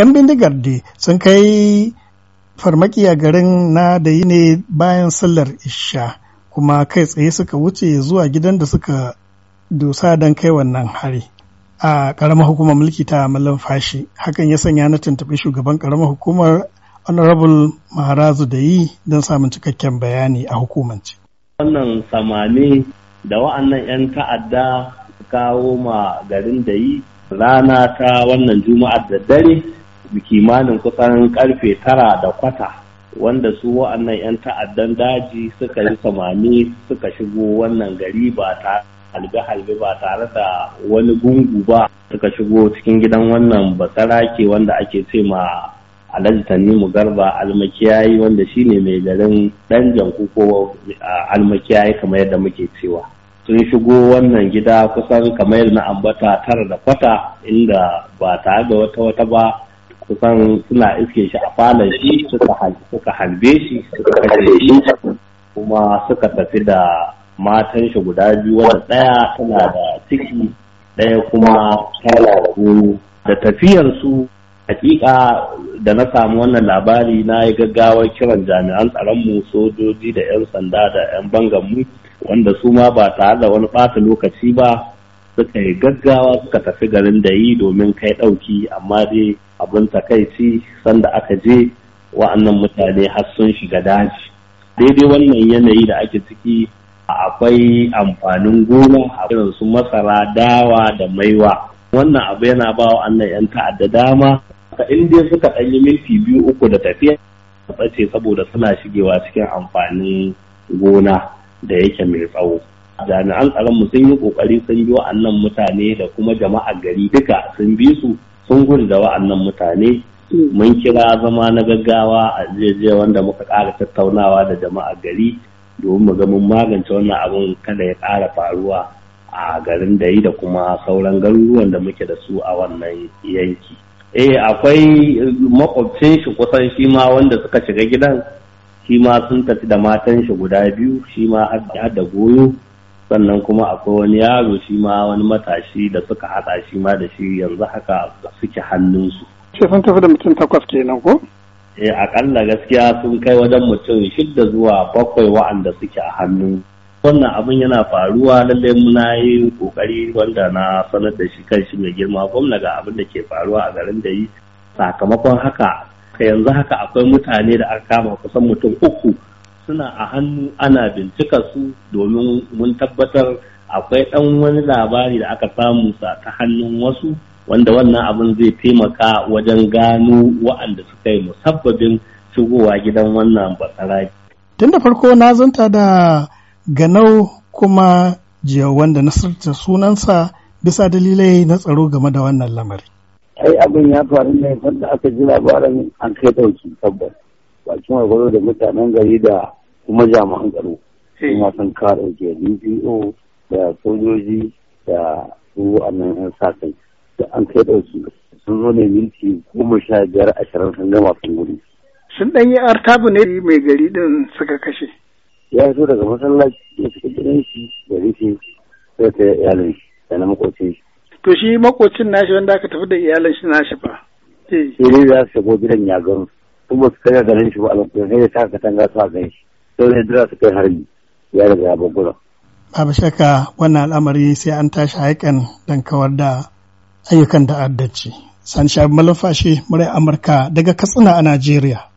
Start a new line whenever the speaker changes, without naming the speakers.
'yan bindigar da sun kai farmaki a garin na da yi ne bayan sallar isha kuma kai tsaye suka wuce zuwa gidan da suka dosa don kai wannan hari a ƙaramar hukumar mulki ta mallan fashi hakan ya sanya na tuntuɓi shugaban ƙaramar hukumar honorable maharazu da yi don samun cikakken bayani a hukumance
wannan samani da wa'annan 'yan ta'adda kawo ma garin da yi rana ta wannan juma'ar da dare kimanin kusan karfe tara da kwata wanda su wa'annan 'yan ta'addan daji suka yi samani suka shigo wannan gari ba ta halbe-halbe ba tare da wani gungu ba suka shigo cikin gidan wannan basarake wanda ake ce ma alhaji mu garba almakiyayi wanda shine mai garin dan janku ko almakiyayi kamar yadda muke cewa sun shigo wannan gida kusan kamar na ambata tara da kwata inda ba tare da wata wata ba kusan suna iske shi a falon shi suka halbe shi suka kashe shi kuma suka tafi da matan shi guda biyu wanda ɗaya tana da ciki ɗaya kuma tana da da tafiyarsu hakika da na samu wannan labari na yi gaggawar kiran jami'an tsaronmu sojoji da 'yan sanda da 'yan mu. wanda su ma ba tare da wani ɓata lokaci ba suka yi gaggawa suka tafi garin da yi domin kai ɗauki amma dai abin takaici sanda aka je wa'annan mutane har sun shiga daji daidai wannan yanayi da ake ciki akwai amfanin gona a su masara dawa da maiwa wannan abu yana ba wa'annan 'yan ta'adda dama ka inda suka ɗanyi minti biyu uku da tafiya tsace saboda suna shigewa cikin amfanin gona da yake mai tsawo jami'an tsaron mu sun yi kokari sun bi wa'annan mutane da kuma jama'a gari duka sun bi su sun gudu da wa'annan mutane mun kira zama na gaggawa a jeje wanda muka ƙara tattaunawa da jama'a gari domin mu ga mun magance wannan abin kada ya ƙara faruwa a garin da yi da kuma sauran garuruwan da muke da su a wannan yanki. Eh akwai makwabcin shi kusan shi ma wanda suka shiga gidan shi ma sun tafi da matan shi guda biyu shi ma har da goyo sannan kuma akwai wani yaro shi ma wani matashi da suka haɗa shi ma da shi yanzu haka suke hannunsu. Ce sun tafi da mutum takwas kenan ko? Eh akalla gaskiya sun kai wajen mutum shidda zuwa bakwai wa'anda suke a hannu. Wannan abin yana faruwa lallai muna yi kokari wanda na sanar da shi kan shi mai girma gwamna ga abin da ke faruwa a garin da yi sakamakon haka yanzu haka akwai mutane da aka kama kusan mutum uku suna a hannu ana bincika su domin mun tabbatar akwai ɗan wani labari da aka samu sa ta hannun wasu wanda wannan abin zai taimaka wajen gano wa'anda suka yi musabbabin shigowa gidan wannan batsara.
Tun da farko na zanta da ganau kuma jiya wanda nasarta sunansa bisa dalilai na tsaro game da wannan lamari.
Ai abin ya faru ne wanda aka ji labarin an kai ɗauki tabbas. bakin wargwaro da mutanen gari da
kuma jami'an
tsaro kuma sun kara ke dpo da sojoji da su annan yan sa kai da an kai dauki sun zo ne minti goma sha biyar ashirin sun gama sun gudu sun ɗan yi artabu ne mai gari din suka kashe ya zo daga masallaci ya suka gidan shi da rufe sai ta iyalin shi da na makwacin shi
to shi makwacin nashi wanda aka tafi da iyalin shi nashi fa
sai dai za su shigo gidan ya gano. kuma ba su kai garin shi ba a lokacin sai ya ta tanga su a gan shi sai ne dira su kai harbi ya riga ya bugura.
babu shakka wannan al'amari sai an tashi haikan dan kawar da ayyukan ta'addanci. Sani Shabi Malafashi, murai Amurka daga Katsina a Najeriya.